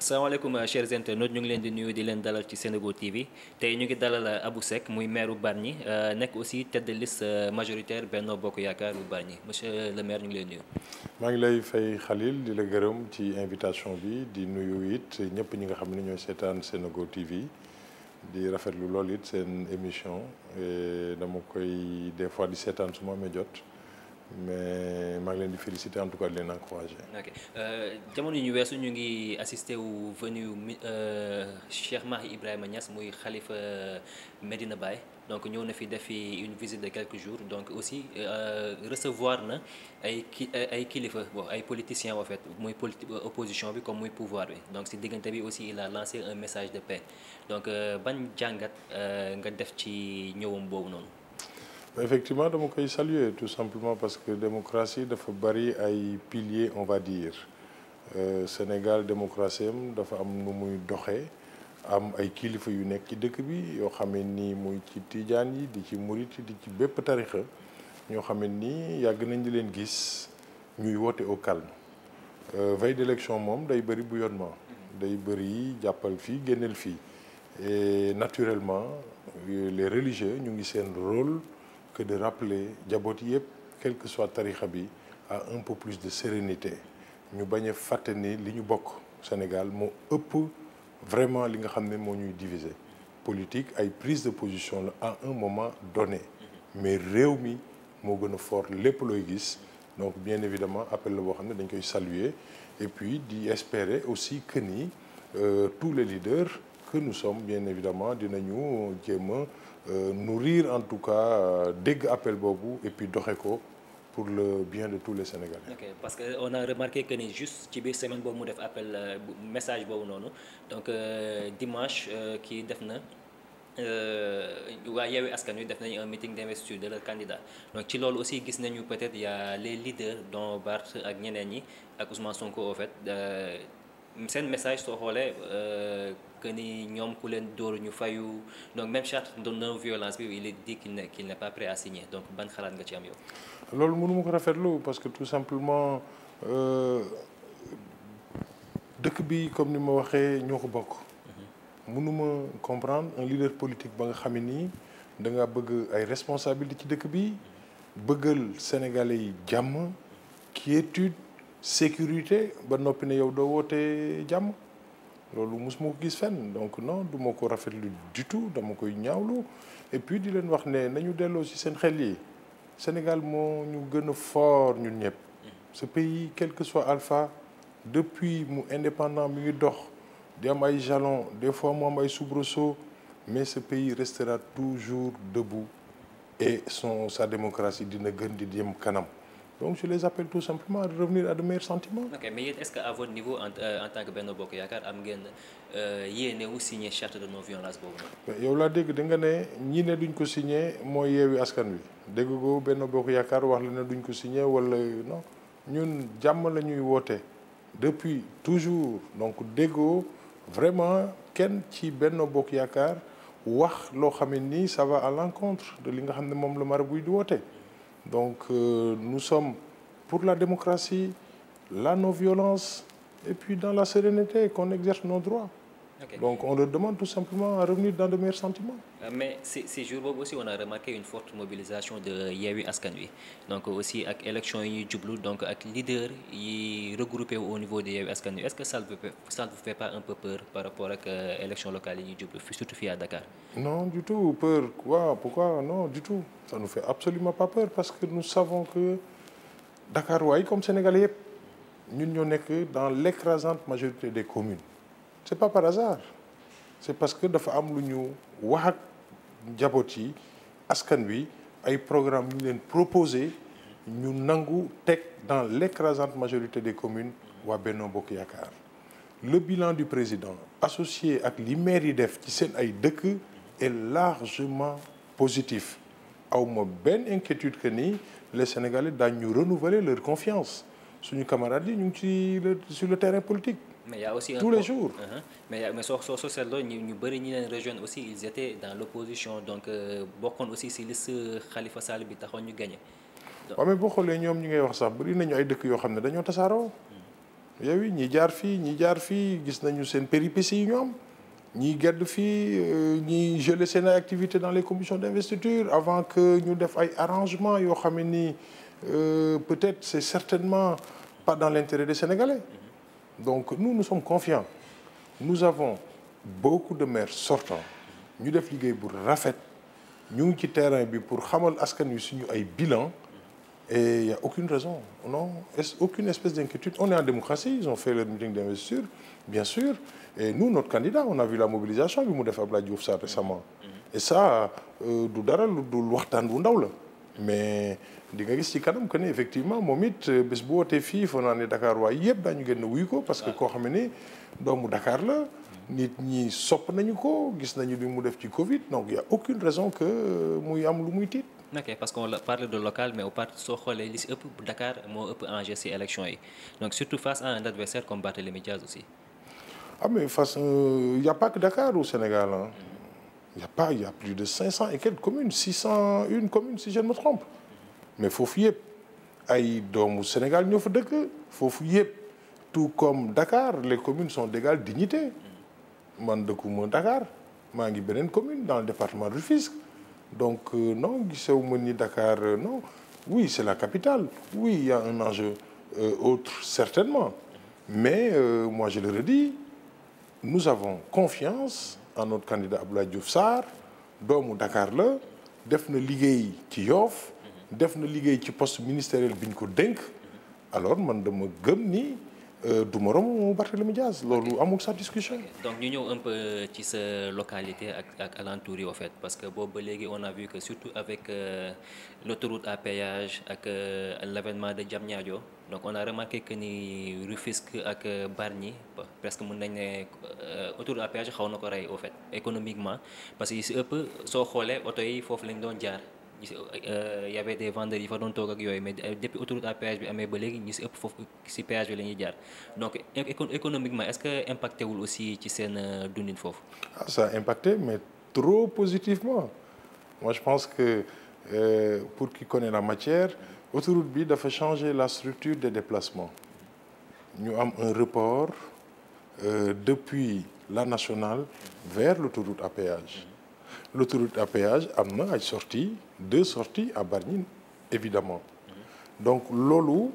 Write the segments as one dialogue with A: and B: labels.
A: salaamaaleykum euh, chers internautes ñu ngi leen di nuyu di leen dalal ci Senego TV tey ñu ngi dalal euh, Abou Seck muy maire bu Bargny euh, nekk aussi tête de liste majoritaire Benno Bokk Yaakaar bu Bargny monsieur le maire ñu ngi leen nuyu.
B: maa ngi lay fay Khalil di la gërëm ci invitation bi di nuyu it ñëpp ñi nga xam ne ñooy seetaan Senego TV di rafet lu lool it seen émission dama koy des fois di seetaan su ma amee jot. mais maa ngi leen di féliciter en tout cas di leen encourager.
A: ok euh, jamono ñu weesu ñu ngi assisté wu venu euh, Cheikh Mahi Ibrahima ñas muy xalifa euh, Medina baay donc ñëw na fi def i une visite de quelques jours donc aussi euh, recevoir na ay ki ay kilifa bon ay politiciens en fait muy politi opposition bi comme muy pouvoir bi donc si diggante bi aussi il a lancé un message de paix donc ban jàngat nga def ci ñëwam boobu noonu.
B: effectivement dama koy saluer tout simplement parce que démocratie dafa bari ay pilier on va dire euh, Sénégal démocratie dafa am nu muy doxe am ay kilifa yu nekk ci dëkk bi yoo xam ne nii muy ci tijaan yi di ci murit yi di ci bépp tarixa ñoo xam ne nii yàgg nañ di leen gis ñuy woote au calme euh, veille moom day bëri bouillonnement day bëri jàppal fii génneel fii et naturellement les religieux ñu ngi seen rôle que de jaboot yëpp quel que soit tarixa bi à un peu plus de sérénité ñu bañ a fàtte ni li ñu bokk Sénégal moo ëpp vraiment li nga xam ne moo ñuy diviser politique ay prise de position la à un moment donné mais réew mi moo gën a fort lépp looy gis donc bien évidemment appel la boo xam ne dañ koy saluer et puis di espérer aussi que ni euh, tous les leaders que nous sommes bien évidemment dinañu jéem a Euh, nourrir en tout cas euh, dégg appel boobu et puis doxe ko pour le bien de tous les Sénégalais.
A: ok parce que on a remarqué que ni juste ci biir semaine boobu mu def appel euh, message boobu noonu donc euh, dimanche kii def na. waa Yewwi Askan Wi def nañu un meeting d'investiture de leur candidat donc ci loolu aussi gis nañu peut-être y les leaders dont Barth ak ñeneen yi ak Ousmane Sonko au fait seen message soo xoolee euh, que ni ñoom ku leen dóor ñu fayu donc même charte de non violence bi il est dit qu'il n'est qu'il n'est pas prêt à signer donc ban xalaat nga ci am yow.
B: loolu mënu ma ko rafetlu parce que tout simplement euh, dëkk bi comme ni ma waxee ñoo ko bokk. Mhm. mënuma comprendre un leader politique ba nga xam ne nii da nga bëgg ay responsabilité ci dëkk bi bëggal sénégalais yi jàmm quiétude sécurité ba noppi ne yow doo woote jàmm loolu mosuma ko gis fenn donc non duma ko rafetlu du tout dama koy ñaawlu et puis di leen wax ne nañu delloo ci seen xel yi Sénégal moo ñu gën a fort ñun ñëpp ce pays quel que soit alpha depuis mu indépendant mi ngi dox di am ay jalons des fois mu am ay soubresauts mais ce pays restera toujours debout et son sa démocratie dina gën di dem kanam donc je les appelle tout simplement à revenir à de meilleurs sentiments.
A: ok mais yéen est-ce que à votre niveau en euh, euh, wu signé charte de non violence boobu.
B: yow laa dégg da nga ne ñi ne duñ ko signé mooy yeewi askan wi dégg ko Benno Bokk Yaakaar wax la ne duñ ko signé wala non ñun jàmm la ñuy woote depuis toujours donc déggoo vraiment kenn ci Benno Bokk Yaakaar wax loo xam ne nii ça va à l'encontre de li nga xam ne moom la marabuy di woote. Donc euh, nous sommes pour la démocratie, la non-violence et puis dans la sérénité qu'on exerce nos droits. Okay. Donc on leur demande tout simplement à revenir dans de meilleurs sentiments.
A: Euh, mais ces, ces jours aussi on a remarqué une forte mobilisation de Yewwi Askan Wi donc aussi ak élection yi ñuy jublu donc ak leader yi regroupé au niveau de Yewwi Askan Wi est-ce que ça ne vous pas un peu peur par rapport ak euh, élection locale yi ñuy jublu surtout fii à Dakar
B: Non du tout peur quoi pourquoi non du tout ça nous fait absolument pas peur parce que nous savons que Dakar waay comme Sénégalais yëpp ñun ñoo nekk dans l'écrasante majorité des communes c'est pas par hasard c'est parce que dafa am lu ñu wax ak njaboot yi askan wi ay programme ñu leen proposé ñu nangu teg dans l'écrasante majorité des communes waa Benno Bokk Yaakaar le bilan du président associé ak li maire yi def ci seen ay dëkk est largement positif awma benn inquiétude que nii les Sénégalais daañu renouveler leur confiance suñu camarades yi ñu ngi ci sur le terrain politique.
A: mais aussi tous les jours. Uh-huh. mais mais soo soo soo seetloo ñu ñu bëri ñi leen rejoindre aussi ils étaient dans le opposition donc euh, bokkoon aussi si lis xalifa Sall bi taxoon ñu gagné. waaw mais boo
B: xoolee ñoom ñu ngay wax sax bëri nañu ay dëkk yoo xam ne dañoo tasaaroo. Hmm. yow yi ñi jaar fii ñi jaar fii gis nañu seen péripéties yi ñoom ñii gedd fii euh, ñiy gelé seen activité dans les commissions d' investiture avant que ñu def ay arrangements yoo xam ne nii. euh, peut-être c'est certainement pas dans l'intérêt des Sénégalais. Donc nous, nous sommes confiants. Nous avons beaucoup de maire sortants ñu def liggéey bu rafet ñu ngi ci terrain bi pour xamal askan wi suñu ay bilan et il y a aucune raison non aucune espèce d'inquiétude on est en démocratie ils ont fait leur meeting d'investiture bien sûr et nous notre candidat on a vu la mobilisation bi mu def Abdoulaye Diouf Sarr récemment et ça euh, du dara du waxtaan bu ndaw la mais di nga gis ci kanam que ne effectivement moom it euh, bés bu wootee fii foo naa Dakar waaye yëpp daañu gën a ko parce que koo xam ne doomu Dakar la nit ñi sopp nañu ko gis nañu li mu def ci Covid donc il y a aucune raison que euh, muy am lu muy tiit.
A: ok parce qu'on parle de local mais soo xoolee li si ëpp Dakar moo ëpp enjeu si élection yi donc surtout face à un adversaire comme Barthélémy Diaz aussi.
B: ah mais face il euh, y a pas que Sénégal mm-hmm. a pas il y a plus de une commune si je ne me mais foofu yëpp ay doomu Sénégal ñoo fa dëkk foofu yëpp tout comme Dakar les communes sont d'égale dignité man dëkkuma Dakar maa ngi beneen commune dans le département de Rufisque donc euh, non gisewu ma ni Dakar euh, non oui c'est la capitale oui il y a un enjeu euh, autre certainement mais euh, moi je le redis nous avons confiance en notre candidat Abdoulaye Diouf Sarr doomu Dakar la def na liggéey ci Yoff def na liggéey ci poste ministériel bi ñu ko dénk alors man dama gëm ni euh, du moroom Barthélémy Dias loolu amul sa discussion.
A: donc ñu ñëw un ci sa localité ak ak alentour yi fait parce que boobu ba léegi on a vu que surtout avec euh, l'autoroute à péage ak euh, l'avènement de Diamniadio donc on a remarqué que ni Rufisque ak euh, Bargny presque mun nañ ne euh, autoroute à péage xaw na ko rey au fait économiquement parce que yu si ëpp soo xoolee oto yi foofu lañ doon jaar. gis euh, y avait des vendeurs yi fa doon toog ak yooyu mais euh, depuis autoroute à bi amee ba léegi ñi si ëpp foofu si péage bi la ñuy jaar donc économiquement est-ce que impacté wul
B: aussi ci seen euh, dundin foofu. ah ça impacté mais trop positivement moi je pense que euh, pour qui connaît la matière autoroute bi dafa changer la structure des déplacements ñu am un report euh, depuis la nationale vers l'autoroute à péage. l'autoroute à péage am na ay sorti deux sorti à Bargny évidemment donc loolu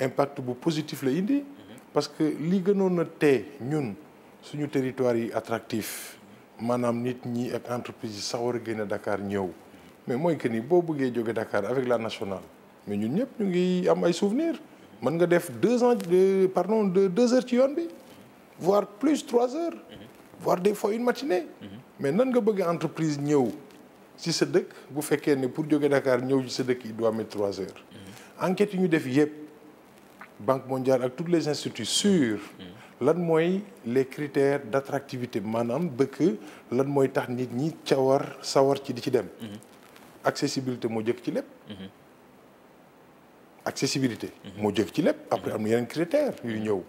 B: impact bu positif la indi parce que li gënoon na tee ñun suñu territoire yi attractif maanaam nit ñi ak entreprise yi sax war a génne Dakar ñëw mais mooy que ni boo bëggee jóge Dakar avec la nationale mais ñun ñëpp ñu ngi am ay souvenirs mën nga def deux ans de pardon de deux heures ci yoon bi voir plus trois heures voire des fois une matinée mais nan nga bëgg entreprise ñëw ci sa dëkk bu fekkee ne pour jóge Dakar ñëw ci sa dëkk il doit mettre trois heures mm-hmm. enquête yu ñu def yëpp banque mondiale ak toutes les instituts sur mm-hmm. lan mooy les critères d'attractivité maanaam bëkk lan mooy tax nit ñi cawar sawar ci di ci dem mm-hmm. accessibilité moo jëkk ci lépp accessibilité. Mhm. moo jëkk ci lépp après mhm. am na yeneen critères yu mhm. ñëw.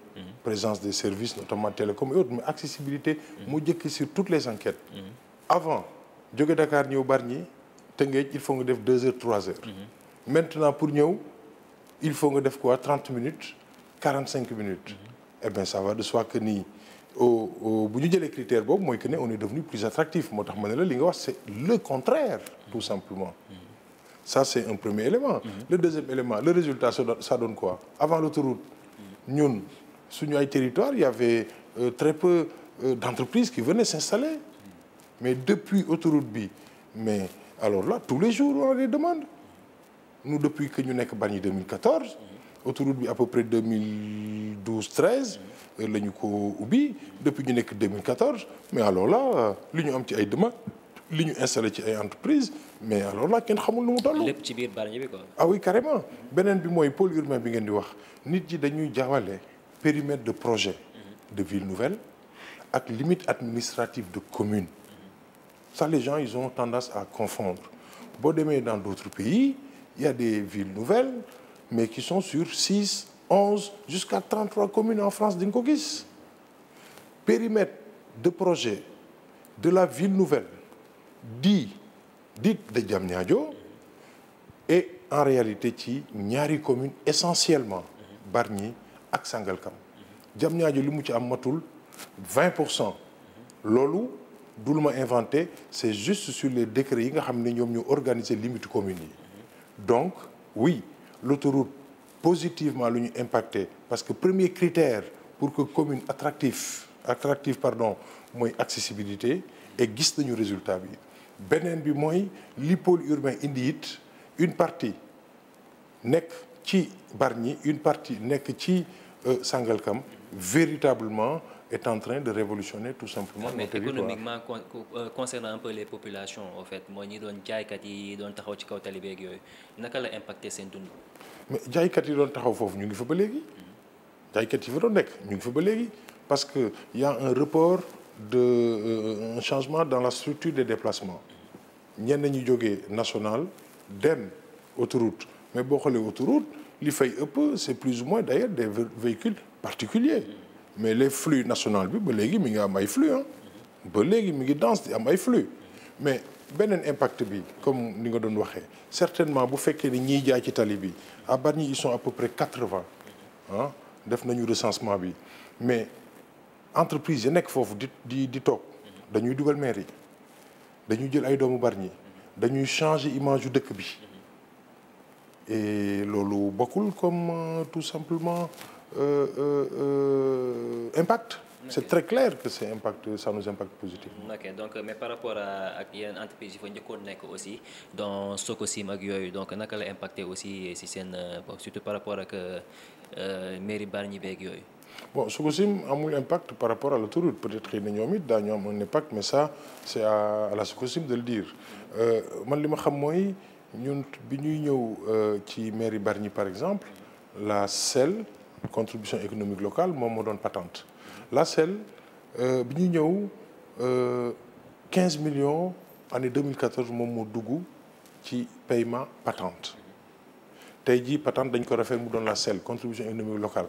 B: présence des services notamment télécom et autres mais accessibilité. moo jëkk sur toutes les enquêtes. avant jóge Dakar ñëw Bargny Tëngéej il faut nga def deux heures trois heures. maintenant pour ñëw il faut nga def ko quoi trente minutes quarante cinq minutes. eh bien va de soi que nii bu ñu jëlee critère boobu mooy que ne on est devenu plus attractif moo tax ma ne la li nga wax c'est le contraire tout simplement. ça c'est un premier élément. Mhm. le deuxième élément le résultat ça donne quoi avant l'autoroute ñun suñu ay territoire il y avait euh, très peu euh, d'entreprises qui venaient s'installer mais depuis autoroute bi mais alors là tous les jours on a des demandes nous depuis que ñu nekk Bargny 2014 mhm. autoroute bi à peu près 2012 13 euh, la ñu ko ubbi depuis ñu nekk 2014 mais alors là li ñu am ci ay demandes li ñu installé ci ay entreprise mais alors là kenn xamul lu mu lépp ci biir Bargny bi quoi. ah oui carrément beneen bi mooy pôle urbain bi ngeen di wax nit yi dañuy jaawale périmètre de projet de ville nouvelle ak limite administrative de commune ça les gens ils ont tendance à confondre boo demee dans d'autres pays il y a des villes nouvelles mais qui sont sur six onze jusqu'à 33 communes en France di nga ko gis périmètre de projet de la ville nouvelle di di de Diamniadio et en réalité ci ñaari commune essentiellement Bargny ak Sangalkam Diamniadio li mu ci am matul vingt pour cent loolu du lu ma inventé c'est juste sur les décrets yi nga xam ni ñoom ñu organiser limite commune yi donc oui l'autoroute positivement lu ñu impacté parce que premier critère pour que commune attractive attractive pardon mooy accessibilité et gis nañu résultat bi beneen bi mooy li pôle urbain indi it une partie nekk ci Bargny une partie nekk ci euh, Sangalkam véritablement est en train de révolutionner tout simplement. Non, mais économiquement
A: con, euh, concernant un peu les populations fait mooy ñi doon jaaykat yi doon taxaw ci kaw tali yooyu naka la impacté seen dund.
B: mais jaaykat yi doon taxaw foofu ñu ngi fa ba léegi. Mm-hmm. jaaykat yi fa doon nekk ñu ngi fa ba léegi parce que y un report. de euh, un changement dans la structure des déplacements ñenn ñu jógee national den autoroute mais boo xoolee autoroute li fay ëpp c'est plus ou moins d'ailleurs des véhicules particuliers mais les flux national bi ba léegi mi ngi am ay flux ba léegi mi ngi dans am ay flux mais beneen impact bi comme ni nga doon waxee certainement bu fekkee ni ñiy jaay ci tali bi à Bargny ils sont à peu près quatre-vingts ah def nañu recensement bi mais entreprise yi nekk foofu di di di toog dañuy dugal mairie yi dañuy jël ay doomu Bargny dañuy changer image yu dëkk bi e loolu bokkul comme euh, tout simplement euh, euh, euh impact. c'est okay. très clair que c'est impact ça nous impacte positivement.
A: donc mais par rapport ak yeneen entreprises yi fa njëkkoon nekk aussi dans Sococim ak yooyu donc naka la impacté aussi si seen surtout par rapport ak mairie Bargny beeg yooyu.
B: bon su si amul impact par rapport a l'autoroute peut-être xëy na ñoom it daañu am un impact mais ça c'est à la Sococim de le dire euh, man li ma xam mooy ñun bi ñuy ñëw euh, ci mairie Bargny par exemple la SEL contribution économique locale moom moo doon patante la SEL euh, bi ñuy ñëw 15 millions année 2014 moom moo dugg ci paiement patente tey jii patente dañ ko refaire mu doon la SEL contribution économique locale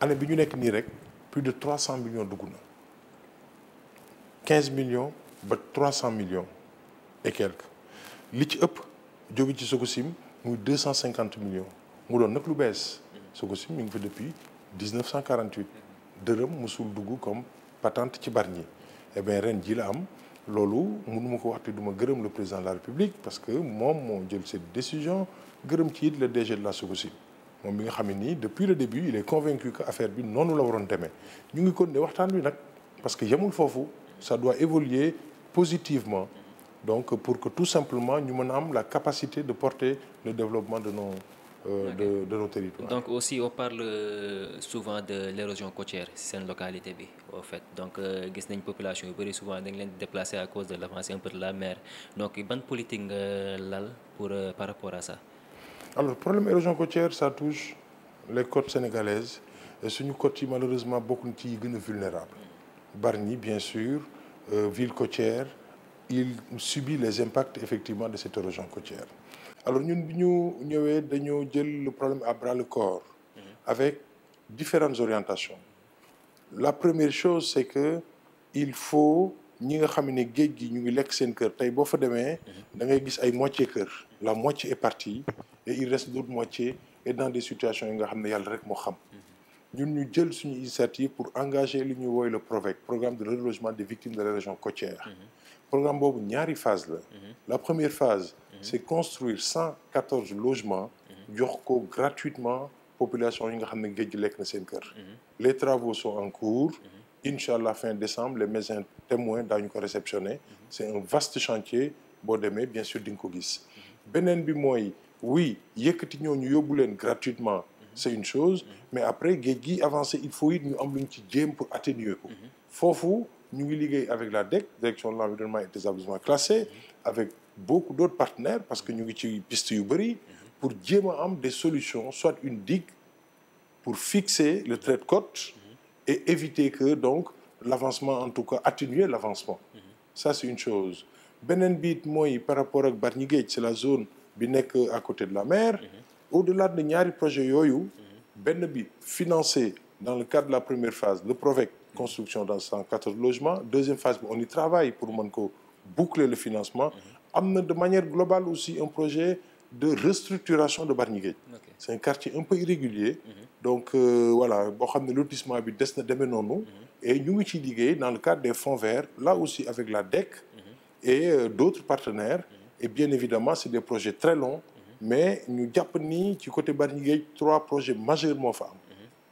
B: année bi ñu nekk nii rek plus de trois cent millions dugg na quinze millions ba trois cent millions et quelques li ci ëpp jóge ci Sococim muy deux cent cinquante millions mu doon nag lu bees Sococim ñu ngi fa depuis dix neuf cent quarante huit dërëm musul dugg comme patente ci Bargny eh bien ren ji la am loolu mënuma ko wax te duma gërëm le président de la République parce que moom moo jël cette décision gërëm ci it le DG de la Sococim moom mi nga xam ne nii depuis le début il est convaincu que affaire bi noonu la waroon demee ñu ngi kon ne waxtaan bi nag parce que yemul foofu ça doit évoluer positivement donc pour que tout simplement ñu mën a am la capacité de porter le développement de nos euh, okay. de de nos territoires. donc
A: aussi on parle euh, souvent de l'érosion côtière ci seen localité bi au fait donc euh, gis euh, nañ population yu bëri souvent dañ leen déplacer à cause de l'avancée un peu de la mer donc ban politique nga lal pour euh, par rapport à ça.
B: alors problème érosion côtière ça touche les côtes sénégalaises et suñu côtes yi malheureusement bokk na ci yi gën a vulnérable bien sur euh, ville cotière il subit les impacts effectivement de cette érosion côtière alors ñun bi ñu ñëwee dañoo jël le problème à bras le corps mm-hmm. avec différentes orientations la première chose c'est que il faut ñi nga xam ne géej gi ñu ngi lekk seen kër tey boo fa demee mm-hmm. da ngay gis ay moitié kër la moitié est partie et il reste l'autre moitié et dans des situations yi nga xam ne yàlla rek moo xam ñun ñu jël suñu initiative pour engager li ñuy wooy le PROVEC programme de relogement des victimes de la région côtière mm-hmm. programme boobu ñaari phase la mm-hmm. la première phase mm-hmm. c'est construire cent quatorze logements jox ko gratuitement population yi nga xam ne géej lekk na seen kër les travaux sont en cours incha allah fin décembre les médecins témoins daañu ko réceptionner c'est un vaste chantier boo demee bien di nga ko gis beneen bi mooy oui yëkkati ñooñu yóbbu leen gratuitement mhm. c'est une chose mhm. mais après géej gi avancé il faut it ñu am lu ñu ci jéem pour atténuer ko mhm. foofu ñu ngi liggéey avec la DEC direction de l'environnement et des établissements classés avec beaucoup parce que ñu ngi ci piste yu bëri pour jéem a am des solutions soit une digue pour fixer le trait cote et éviter que donc l'avancement en tout cas atténuer l'avancement ça c'est une chose beneen biit mooy par rapport ak Bargny Géej c'est la zone bi nekk a côté de la mer. Mhm. au-delà de ñaari projet yooyu. Mhm. benn bi financé dans le cadre de la première phase le PROVEC construction dans cent quatorze logements deuxième phase bi on y travaille pour mën ko boucler le financement. Mhm. am na de manière globale aussi un projet de restructuration de Bargny Guedj. c'est un quartier un peu irrégulier. donc euh, voilà boo xam ne lotissement bi des na demee noonu. ñu ngi ciy liggéey dans le des fonds verts là aussi avec la DEC. et euh, d'autres partenaires. et bien évidemment c'est des projets très longs mhm. mais ñu jàpp ni ci côté Bargny Géej trois projets majeurs moo fa am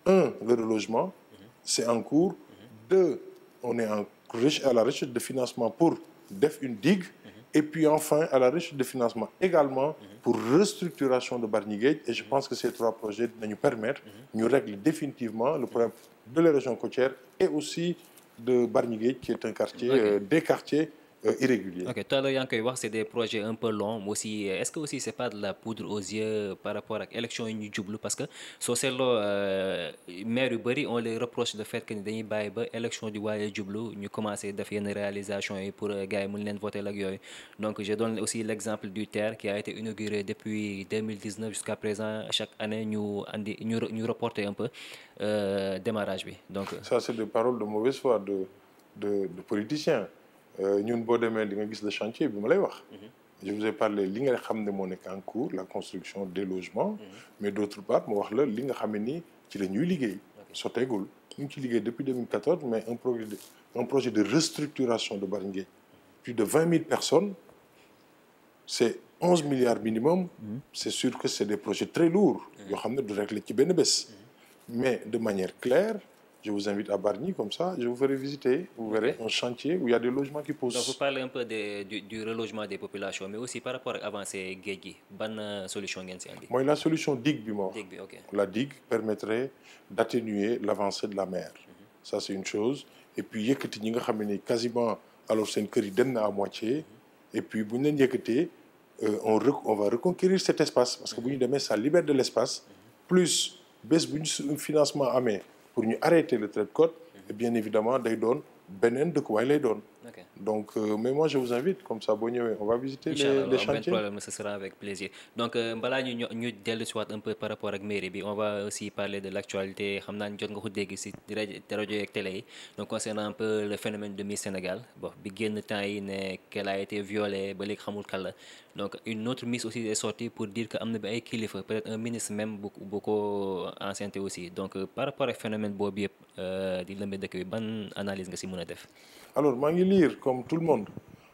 B: mhm. un le relogement mhm. c'est en cours deux on est en recherche de financement pour def une digue et puis enfin à la recherche de financement également pour restructuration de Bargny Géej et je pense que ces trois projets dinañu permettre ñu régler définitivement le problème de la région côtière et aussi de Bargny Géej qui est un quartier okay. euh, des quartiers Euh, irrégulier. ok
A: tout à l'heure yaa ngi koy wax c' est des projets un peu longs aussi euh, est ce que aussi c' pas de la poudre aux par rapport ak élection yi ñu parce que soo seetloo euh, maire yu bëri on les reproche le fait que ni dañuy bàyyi ba élection di waaye jublu ñu commencé def yenn réalisation yi pour gars yi mun leen voter ak yooyu donc je donne aussi l' exemple du TER qui a été inauguré depuis 2019 jusqu'à présent chaque année ñu andi ñu ñu reporter un peu démarrage bi donc.
B: ça c' est des Euh, ñun boo demee di nga gis le chantier bi ma lay wax. Mhm. je vous ai parlé li nga xam ne moo nekk en cours la construction des logements. Mhm. mais d'autre part moo wax la li nga xam ne nii ci la ñuy liggéey. sotteegul ñu ngi ci liggéey depuis 2014 mais un projet de projet de restructuration de Bargny Géej plus de vingt mille personnes c'est onze milliards minimum. Mhm. c'est sûr que c'est des projets très lourds. yoo xam ne du régler ci benn bés. mais de manière claire. Je vous invite à Bargny, comme ça, je vous ferai visiter. Vous verrez un chantier où il des logements qui poussent. Donc
A: vous un peu de, relogement des populations, mais aussi par rapport à avancée géej gi ban euh, solution ngeen si mooy
B: la solution digue bi moo. digue bi ok la digue permettrait d'atténuer l'avancée de la mer. Mm -hmm. ça c'est une chose et puis yëkkati ñi nga xam ne quasiment alors seen kër yi dem na à moitié. Mhm. et puis bu ñu leen yëkkatee euh, on on va reconquérir cet espace parce que bu ñu mhm. demee ça libère de l'espace. Mhm. plus bés bu ñu financement amee. pour ñu arrêter le trait de côte bien évidemment day doon beneen dëkkuwaay lay doon Okay. Donc, euh, mais moi, je vous invite, comme ça, bon, on va visiter les, les chantiers. Problème,
A: ce sera avec plaisir. Donc, voilà, nous avons un peu par rapport à mairie. On va aussi parler de l'actualité. Donc, concernant un peu le phénomène de Miss Sénégal, bon, qu'elle a été violée, un une autre Miss aussi est sortie pour dire que amna ay kilifa peut-être un ministre même bu bu ko enceinté aussi donc euh, par rapport ak phénomène boobu yëpp euh, di lëmbe dëkk bi ban analyse nga si mën a
B: def alors maa ngi liir comme tout le monde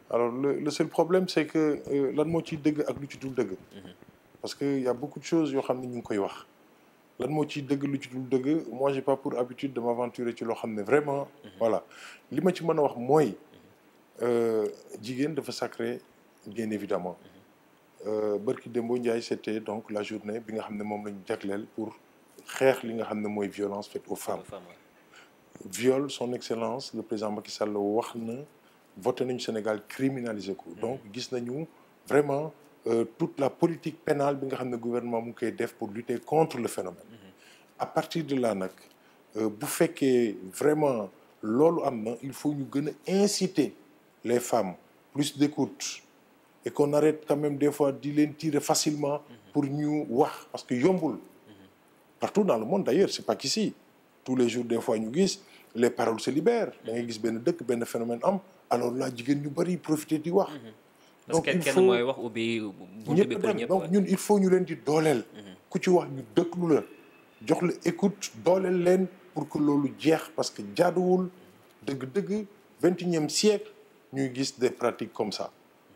B: alors le, le problème c'est que euh, lan moo ciy dëgg ak lu ci dul dëgg parce que y a beaucoup de choses yoo xam ne ñu ngi koy wax lan moo ciy dëgg lu ci dul dëgg moo j'ai pas pour habitude de m'aventurer ci loo xam ne vraiment voilà li ma ci mën a wax mooy euh, jigéen dafa sacré bien évidemment euh, bërki démbo Ndiaye c'était donc la journée bi nga xam ne moom la ñu jagleel pour xeex li nga xam ne mooy violence faite aux femmes viole son excellence le président Macky Sall wax ne voté nañu Sénégal criminalisé ko. Mm. donc gis nañu vraiment euh, toute la politique pénale bi nga xam ne gouvernement mu ngi koy def pour lutter contre le phénomène. Mm-hmm. à partir de là nag euh, bu fekkee vraiment loolu am na il faut ñu gën a inciter les femmes plus d'écoute et qu'on arrête quand même des fois di leen tirer facilement mm-hmm. pour ñu wax parce que yombul mm-hmm. partout dans le monde d'ailleurs c'est pas qu'ici tous les jours des fois ñu gis les paroles se libèrent da ngay gis benn dëkk benn phénomène am alors là jigéen ñu bëri profité di wax. Mhm. donc il faut mooy wax ubbi bu bi pour ñëpp donc ñun il faut ñu leen di dooleel. Mhm. ku ci wax ñu dëkk déglu la jox la écoute dooleel leen pour que loolu jeex parce que jaaduwul dëgg-dëgg vingt et unième siècle ñuy gis des pratiques comme ça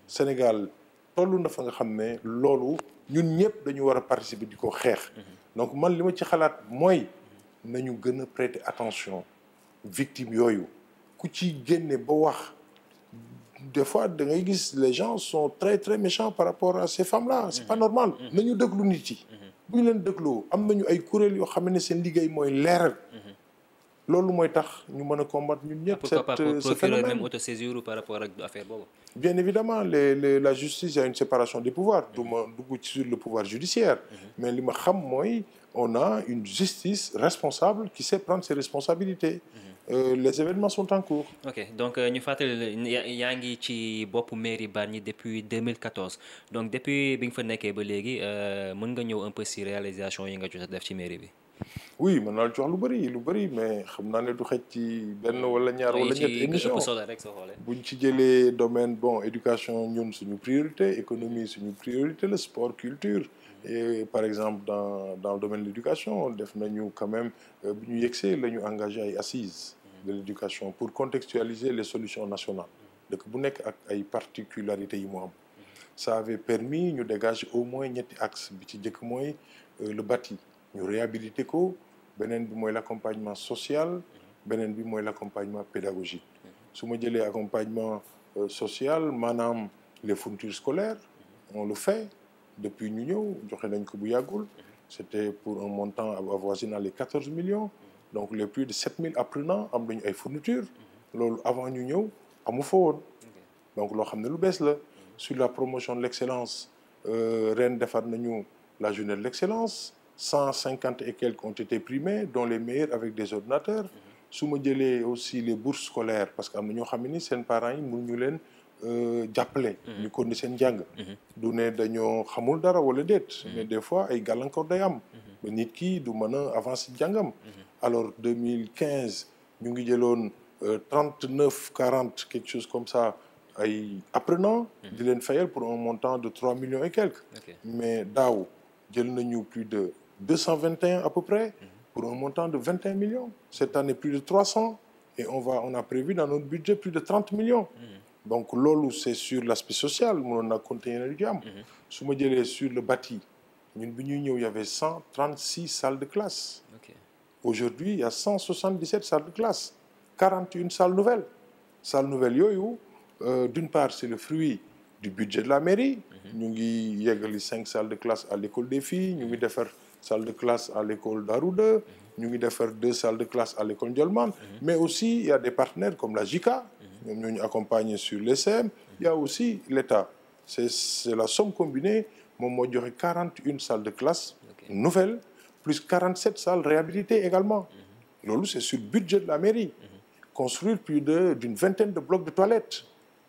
B: Sénégal tollu na fa nga xam ne loolu ñun ñëpp dañu war a participer di ko xeex. Mhm. donc man li ci xalaat mooy. nañu gën a prêter attention victime yooyu ku ci génne ba wax des fois da ngay gis les gens sont très très méchants par rapport à ces femmes là c'est pas mhm. normal mhm. nañu déglu nit yi mhm. bu ñu leen dégloo am nañu ay kuréel yoo xam ne seen liggéey mooy leeral loolu mooy tax ñu mën a combattre ñun ñëpp cette euh, ce phénomène même
A: autosaisir par rapport ak affaire boobu
B: bien évidemment les, les la justice y une séparation des pouvoirs du ma dugg sur le pouvoir judiciaire mais li ma xam mooy on a une justice responsable qui sait prendre ses responsabilités. Mhm. Euh, les événements sont en cours.
A: ok donc euh, ñu fàttali yaa ngi ci boppu mairie Bargny depuis mille 2014 donc depuis bi nga fa nekkee ba léegi euh, mën nga ñëw un peu si réalisation yi nga jot def ci mairie bi.
B: oui mën naa la lu bëri lu bëri mais xam naa ne du xëj ci benn wala ñaar wala ñett émission buñ ci jëlee domaine bon éducation ñun suñu priorité économie suñu priorité le sport culture et par exemple dans dans le domaine de l'éducation def nañu quand même euh, bu ñu yegsee la ñu engagé ay assises de l'éducation pour contextualiser les solutions nationales dëkk bu nekk ak ay particularités yi mu am ça avait permis ñu dégager au moins ñetti axe bi ci njëkk mooy euh, le bâti ñu réabilité ko beneen bi mooy l' accompagnement social beneen bi mooy l' accompagnement pédagogique su ma jëlee accompagnement euh, social maanaam les fournitures scolaires on le fait depuis ñu ñëw joxe nañ ko bu yàggul c' était pour un montant avoisinant les quatorze millions donc les plus de sept mille apprenants am nañu ay fournitures loolu avant ñu ñëw amu fa woon donc loo xam ne lu bees la sur la promotion de l' excellence euh, ren defar nañu la journée de l' excellence cent cinquante et quelques ont été primés dont les meilleurs avec des ordinateurs mhm. su ma jëlee aussi les bourses scolaires parce que am na ñoo xam ne ni seen parents yi euh, mhm. ñu leen jàppale ñu kon ni seen njàng mhm. du ne dañoo xamul dara wala déet mais des fois ay gàllankoor day am ba nit ki du mën a avancer jàngam alors deux mille quinze ñu ngi jëloon euh, trente neuf quarante quelque chose comme ça ay apprenants di leen fayal pour un montant de trois millions et quelques mais daaw jël nañu plus de 221 à peu près, pour un montant de de 300. Et on, va, on a prévu dans notre budget plus de 30 millions. loolu c'est sur l'aspect social mënoon naa continuer li am. su ma jëlee sur le bâti ñun bi ñuy ñëw y avait 136 salles de classe. ok aujourd'hui il y a 177 salles de classe 41 salles nouvelles salles nouvelles yooyu euh, d'une part c'est le fruit du budget la mairie. Mhm. ñu ngi yeggali 5 salles de classe des filles ñu ngi defar. salle de classe à l'école ñu ngi defar de classe à l'école Ndiolmane mhm. mais aussi il y a des mhm. ñoo ñu accompagner sur l'ECM mhm. il y a aussi l'État c'est c'est la somme combinée moom moo joxe quarante une salles de classe okay. nouvelles plus quarante sept salles réhabilitées également loolu c'est sur budget de la mairie construire plus de d'une vingtaine de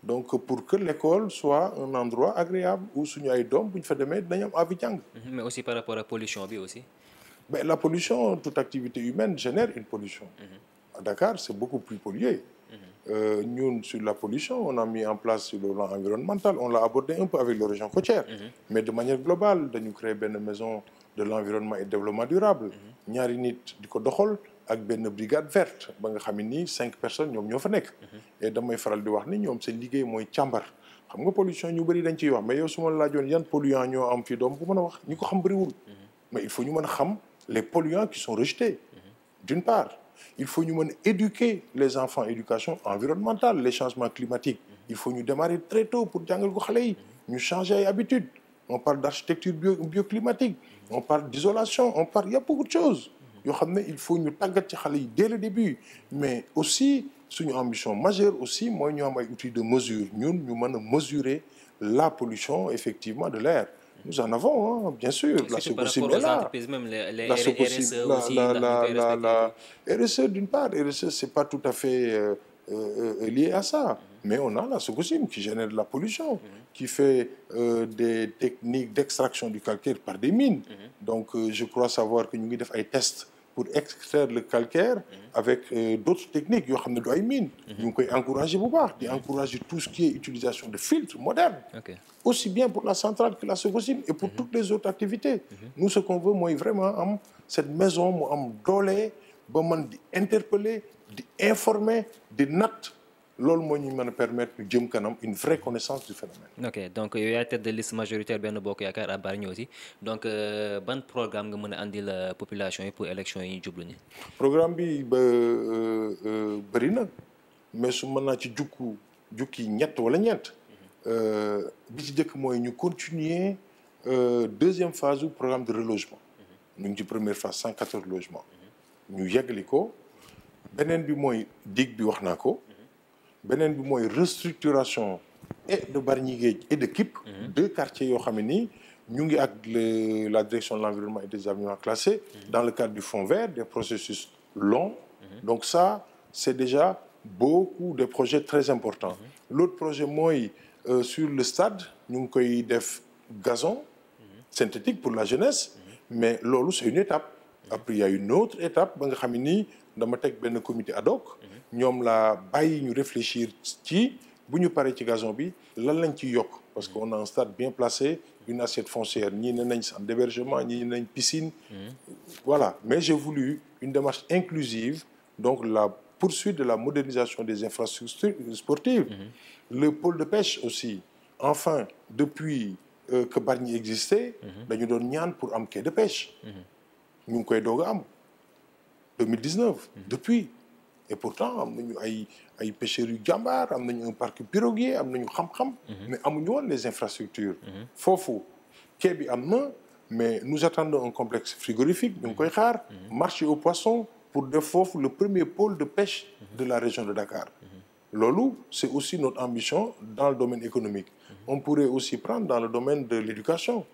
B: donc pour que l'école soit un endroit agréable où suñu ay doom bu ñu fa demee dañu am envie jàng.
A: Mhm. mais aussi par rapport à bi aussi.
B: mais la pollution toute activité humaine génère une pollution. Mhm. à Dakar c'est beaucoup plus pollué. Mhm. Euh, ñun euh, sur la pollution on a mis en place sur le plan environnemental on l'a abordé un peu avec les régions côtières mais de manière globale dañu créer benn maison de l'environnement et développement durable ñaari nit di ko doxal ak benn brigade vert ba nga xam ne nii cinq personnes ñoom ñoo fa nekk. et damay faral di wax ni ñoom seen liggéey mooy càmbar. xam nga pollution ñu bëri dañ ciy wax mais yow su ma laajoon yan polluant ñoo am fii doom bu mën a wax ñi ko xam bëriwul. mais il faut ñu man a xam les polluants qui sont rejetés. d'une part il faut ñu mën a éduquer les enfants éducation environnementale les changements climatiques. il faut ñu démarrer très tôt pour jàngal ko xale yi. ñu changer ay habitudes on parle d'architecture bio bioclimatique. on parle d'isolation on parle il y a yoo xam ne il faut ñu tàggat ci xale yi dès le début mais aussi suñu ambition majeure aussi mooy ñu am ay outils de mesure ñun ñu mën a mesurer la pollution effectivement de l'air nous en avons hein, bien sûr. la su possible est là
A: même les, les la su possible la la
B: la la RSE d'une part RSE c'est pas tout à fait euh, euh, euh lié à ça. Mm -hmm. mais on a la Sococim qui génère de la pollution. Mm -hmm. qui fait euh, des techniques d'extraction du calcaire par des mines. Mm -hmm. donc euh, je crois savoir que ñu ngi def ay tests. pour extraire le calcaire mhm. avec euh, d'autres techniques yoo xam ne du ay mine mhm. ñu ngi koy encourager bu baax di encourager tout ce qui est utilisation de filtres modernes okay. aussi bien pour la centrale que la Sococim et pour mhm. toutes les autres activités nous ce qu'on veut mooy vraiment am cette maison mu am doole ba mën di interpeller di informer di natt loolu moo ñu mën a permettre ñu jëm kanam une vraie connaissance du phénomène.
A: ok donc yow yaay tête de benn majoritaire benn bokk yaakaar à Bargny aussi donc euh, ban programme nga mën a andi la euh, population yi pour élection yi ñu jublu nii.
B: programme bi ba euh, bëri na mais su mën naa ci jukku jukki ñett wala ñeent. Mhm. bi ci njëkk mooy ñu continuer deuxième phase du programme de relogement. Mhm. ñu ngi ci première phase cent quatorze logements. Mhm. ñu yeggali ko beneen bi mooy dig bi wax naa ko. beneen bi mooy restructuration et de Bargny Géej et de Kip mmh. deux yoo xam ne nii ñu ngi ak la direction de l'environnement et des aménagements classés mmh. dans le cadre du fonds vert des processus longs mhm. donc ça c'est déjà beaucoup de projets très importants mhm. l'autre projet mooy euh, sur le stade ñu ngi koy def gazon mhm. synthétique pour la jeunesse mais loolu c'est une étape après il y a une autre étape ba nga xam ne nii dama teg benn comité ad hoc. Mhm. ñoom la bàyyi ñu réfléchir ci bu ñu paree ci gazon bi lan lañ ci yokk parce que mhm. on a un stade bien placé une assiette foncière ñii ne nañ centre d'hébergement ñii ne nañ piscine. Mhm. voilà mais j'ai voulu une démarche inclusive donc la poursuite de la modernisation des infrastructures sportives. le pôle de pêche aussi. enfin depuis euh, que Bargny existait. dañu doon ñaan pour am quai de pêche. ñu ngi koy doog a am 2019 depuis et pourtant am nañu ay ay pêcheurs yu jàmbaar am nañu un parc piroguier am nañu xam-xam mhm. mais amuñu woon les infrastructures mhm. foofu quai bi am na mais nous attendons un complexe frigorifique ñu ngi koy mhm. xaar marché aux poissons pour def foofu le premier pôle de pêche de la région de Dakar loolu c'est aussi notre ambition dans le domaine économique on pourrait aussi prendre dans le domaine de l'éducation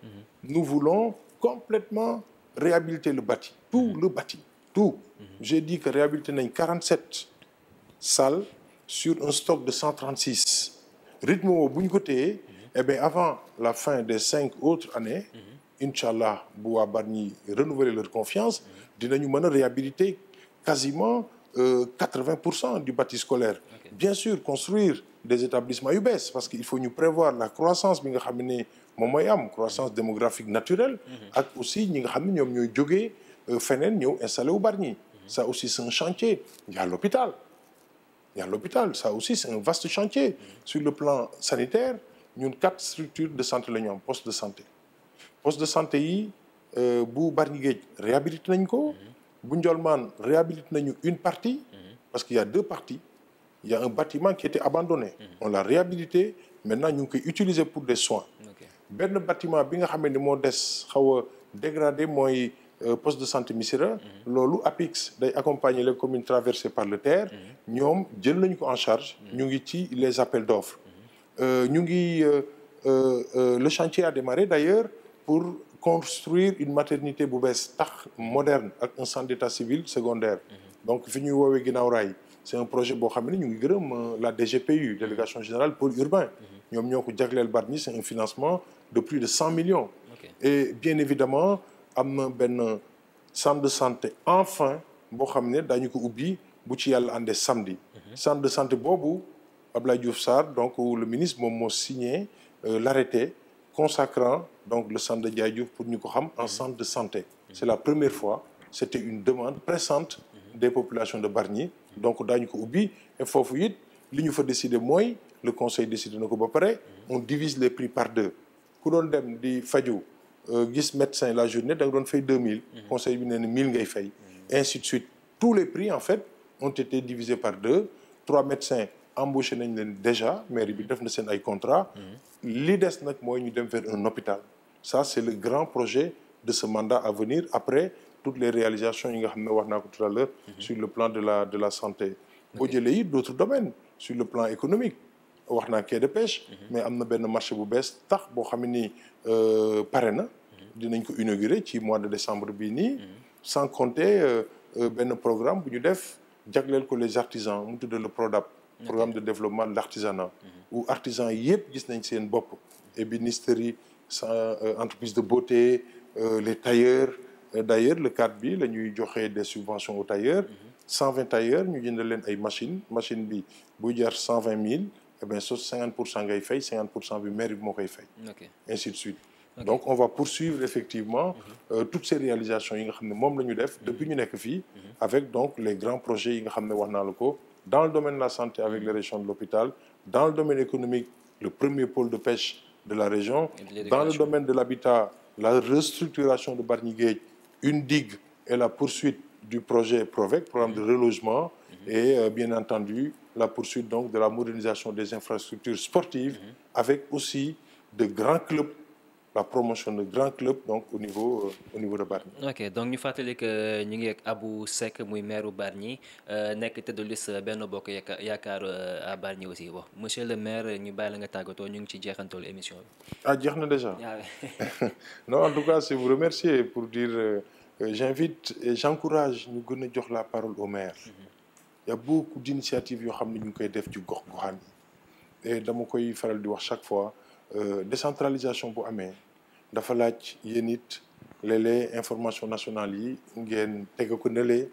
B: nous voulons complètement réhabiliter le bâti tout mhm. le bâti tout mhm. j'ai dit que réhabilité nañ 47 salles sur un stock de 136 rythme boobu bu ñu ko téyee mhm. eh avant la fin des cinq autres années incha allah bu waa Bargny renouveler leur confiance dinañu mën a réhabiliter quasiment euh, quatre-vingt pour cent du bâti scolaire okay. bien sûr construire des établissements yu bees parce que il faut ñu prévoir la croissance bi nga xam ne moom mooy am croissance démographique naturelle. Mhm. ak aussi ñi nga xam ne ñoom ñooy jógee euh, feneen ñëw installé wu Bargny. Mhm. ça aussi c'est un chantier il y a l'hôpital il y a l'hôpital ça aussi c'est un vaste chantier. Mhm. sur le plan sanitaire ñun quatre structures de santé la ñu am poste de santé. poste de santé yi euh, bu Bargny Géej réhabilité nañ ko. bu Ndiolmane réhabilité nañu une partie. parce qu'il y a deux parties. il y a un bâtiment qui était abandonné. on l'a réhabilité maintenant ngi koy utiliser pour des soins. benn bâtiment bi nga xam ne moo des xaw a dégradé mooy euh, poste de santé Missirah mm-hmm. loolu APIX day accompagner les communes traversées par le terre mm-hmm. ñoom jël nañu ko en charge mm-hmm. ñu ngi ci les appels d'offres euh, ñu ngi euh, le chantier a démarré d'ailleurs pour construire une maternité bu bees tax moderne ak un centre d'état civil secondaire donc fi ñuy woowee ginnaaw raay c'est un projet boo xam ne ñu ngi gërëm la DGPU délégation générale pôle urbain ñoom ñoo ko jagleel Bargny c'est un financement de plus de cent millions okay. et bien évidemment am na benn centre de santé enfin boo xam ne daañu ko ubbi bu ci yàlla àndee samedi mhm. centre de santé boobu Abdoulaye Diouf Sarr donc le ministre moom moo signé euh, l'arrêté consacrant donc le centre de Ndiaye Diouf pour ñu ko xam en mhm. centre de santé mhm. c'est la première fois c'était une demande pressante des populations de Bargny donc daañu ko ubbi et foofu it li ñu fa décidé mooy le conseil décide na ko ba pare on divise les prix par deux ku doon dem di faju euh, gis médecin la journée da nga deux mille mhm. conseil bi nee na mille ngay fay mhm. ainsi de suite les prix en fait ont été divisés par deux trois médecins embauché nañ leen déjà mairie bi def na seen ay contrat
C: mhm.
B: li des nag mooy ñu dem vers un hôpital ça c'est le grand projet de ce mandat à venir après toutes les réalisations yi nga xam ne wax naa ko tout à l'heure sur le plan de la de la santé boo jëlee it d'autres domaines sur le plan économique wax naa quai de mhm. mais am na benn marché bu bees tax boo xam ne nii euh, pare na. Mhm. dinañ ko inaugurer ci mois de décembre bii nii. Mhm. sans compter euh, euh, benn programme bu ñu def jagleel ko les artisans mu tudd le PRODAP. programme de développement de l' artisanat. où artisans yëpp gis nañ seen bopp. ébénisterie entreprise de beauté les tailleurs d' ailleurs le cadre bi la ñuy joxe de subventions aux tailleurs. 120 ñu jënd leen ay machines machine bi buy jar 120 000. eh bien so cent ngay fay 50 pour cent bi mairie bi koy fay. ainsi on va poursuivre effectivement. Mhm. Euh, toutes ces réalisations yi nga xam ne moom la ñu def. Mhm. depuis ñu nekk fii. Mhm. avec donc les grands projets yi nga xam ne wax naa ko. dans le domaine de la santé avec les régions de l'hôpital dans le domaine économique le premier pôle de pêche de la région. dans le domaine de l'habitat la restructuration de Bargny Guedj une digue et la poursuite du projet PROVEC programme de relogement. et euh, bien entendu la poursuite donc de la modernisation des infrastructures sportives mm avec aussi de grands clubs la promotion de grands clubs donc au niveau euh, niveau de Bargny.
A: ok donc ñu fàttali que ñu ngi ak Abou Seck muy maire Bargny euh, nekk tête de liste benn Bokk Yaakaar euh, à Bargny aussi wax monsieur le maire ñu bàyyi la nga tàggatoo ñu ngi ci jeexantalu émission bi.
B: ah jeex na déjà.
A: Ah
B: non en tout cas c'est vous remercier pour dire euh, j'invite et j'encourage ñu gën a jox la parole au maire. Mhm. y a beaucoup d'initiatives yoo xam ne ñu ngi koy def ci gox goxaan yi et dama koy faral di wax chaque fois euh, décentralisation bu amee dafa laaj yéen it léeg-léeg information nationale yi ngeen teg ko nële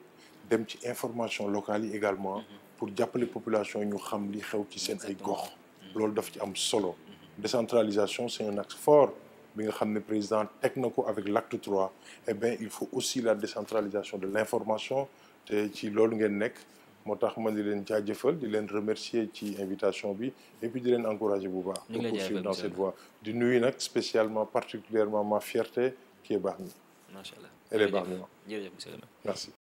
B: dem ci information locale yi également mhm. pour jàppale population ñu xam li xew ci seen ay gox mhm. loolu daf ci am solo mhm. décentralisation c'est un axe fort bi nga xam ne président teg na ko avec l'acte 3 eh il faut aussi la décentralisation de l'information te ci loolu ngeen nekk moo tax ma di leen jaajëfal di leen remercier ci invitation bi et puis di leen encourager bu baax pour poursuivre dans cette voie di nuyu nag spécialement particulièrement ma fierté qui est Bargny.
A: Macha Allah elle est Bargny. Jërëjëf